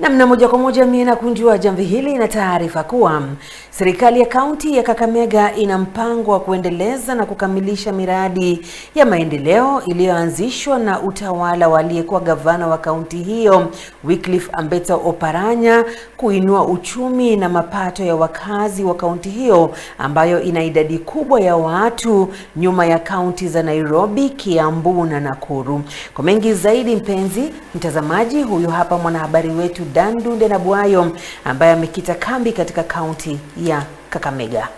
Namna moja kwa moja mimi nakunjua jamvi hili na taarifa kuwa serikali ya kaunti ya Kakamega ina mpango wa kuendeleza na kukamilisha miradi ya maendeleo iliyoanzishwa na utawala wa aliyekuwa gavana wa kaunti hiyo Wycliffe Ambeta Oparanya kuinua uchumi na mapato ya wakazi wa kaunti hiyo ambayo ina idadi kubwa ya watu nyuma ya kaunti za Nairobi, Kiambu na Nakuru. Kwa mengi zaidi, mpenzi mtazamaji, huyu hapa mwanahabari wetu Dandu Ndenabwayo ambaye amekita kambi katika kaunti ya Kakamega.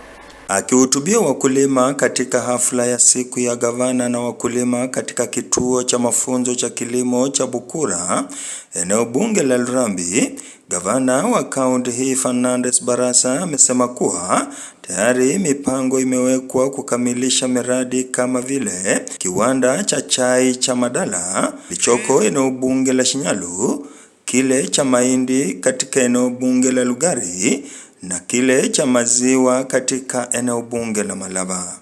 Akihutubia wakulima katika hafla ya siku ya gavana na wakulima katika kituo cha mafunzo cha kilimo cha Bukura, eneo bunge la Lurambi, gavana wa kaunti hii Fernandes Barasa amesema kuwa tayari mipango imewekwa kukamilisha miradi kama vile kiwanda cha chai cha Madala kilichoko eneo bunge la Shinyalu kile cha mahindi katika eneo bunge la Lugari na kile cha maziwa katika eneo bunge la Malava.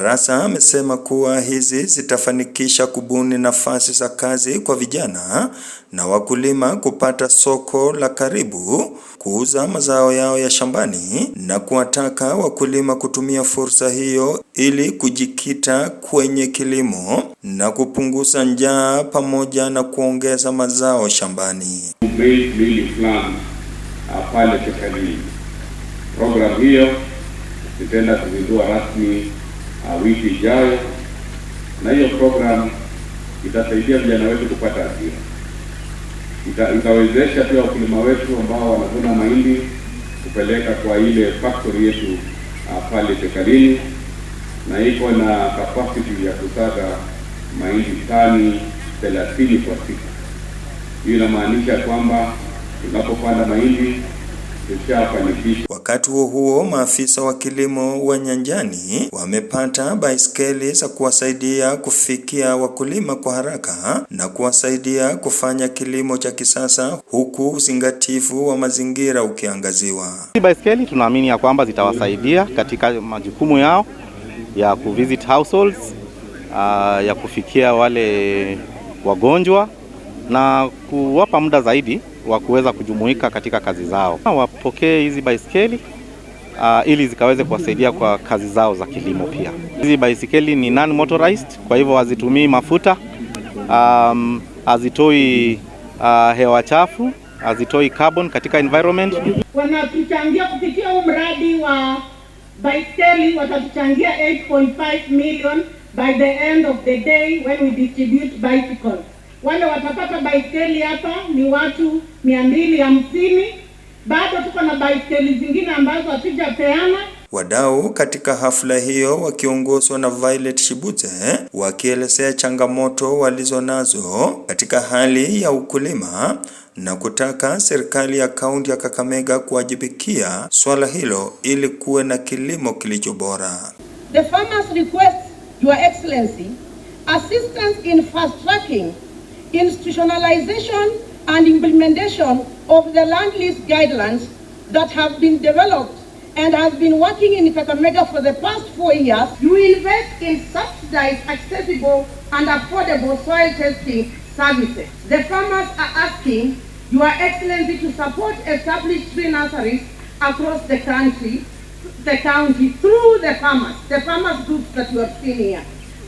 Barasa amesema kuwa hizi zitafanikisha kubuni nafasi za kazi kwa vijana na wakulima kupata soko la karibu kuuza mazao yao ya shambani na kuwataka wakulima kutumia fursa hiyo ili kujikita kwenye kilimo na kupunguza njaa pamoja na kuongeza mazao shambani. Uh, pale Chekalini, programu hiyo itaenda kuzindua rasmi Ah, wiki ijayo, na hiyo program itasaidia vijana wetu kupata ajira, ita- itawezesha pia wakulima wetu ambao wanavuna mahindi kupeleka kwa ile factory yetu ah, pale Tekalini, na iko na capacity ya kusaga mahindi tani thelathini kwa siku. Hiyo inamaanisha kwamba tunapopanda mahindi tushafanikisha Wakati huo huo, maafisa wa kilimo wa nyanjani wamepata baiskeli za kuwasaidia kufikia wakulima kwa haraka na kuwasaidia kufanya kilimo cha kisasa huku uzingatifu wa mazingira ukiangaziwa. Hizi baiskeli tunaamini ya kwamba zitawasaidia katika majukumu yao ya kuvisit households, ah, ya kufikia wale wagonjwa na kuwapa muda zaidi wa kuweza kujumuika katika kazi zao, wapokee hizi baisikeli uh, ili zikaweze kuwasaidia kwa kazi zao za kilimo. Pia hizi baisikeli ni non motorized, kwa hivyo hazitumii mafuta, um, hazitoi uh, hewa chafu, hazitoi carbon katika environment. Wanatuchangia kupitia huu mradi wa baisikeli, watatuchangia 8.5 million by the end of the day when we distribute bicycles wale watapata baiskeli hapa ni watu mia mbili hamsini. Bado tuko na baiskeli zingine ambazo hatujapeana. Wadau katika hafla hiyo wakiongozwa na Violet Shibute eh, wakielezea changamoto walizonazo katika hali ya ukulima na kutaka serikali ya kaunti ya Kakamega kuwajibikia swala hilo ili kuwe na kilimo kilicho bora. The farmers request your excellency assistance in fast tracking institutionalization and implementation of the land lease guidelines that have been developed and has been working in Kakamega for the past four years. You invest in subsidized, accessible and affordable soil testing services. The farmers are asking Your Excellency to support established tree nurseries across the country, the county through the farmers, the farmers groups that you have seen here,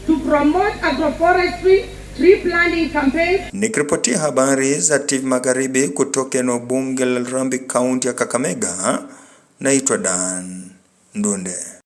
to promote agroforestry pre-planning campaign. Nikiripotia habari za TV Magharibi kutoka eneo bunge la Larambi, kaunti ya Kakamega, naitwa Dan Ndunde.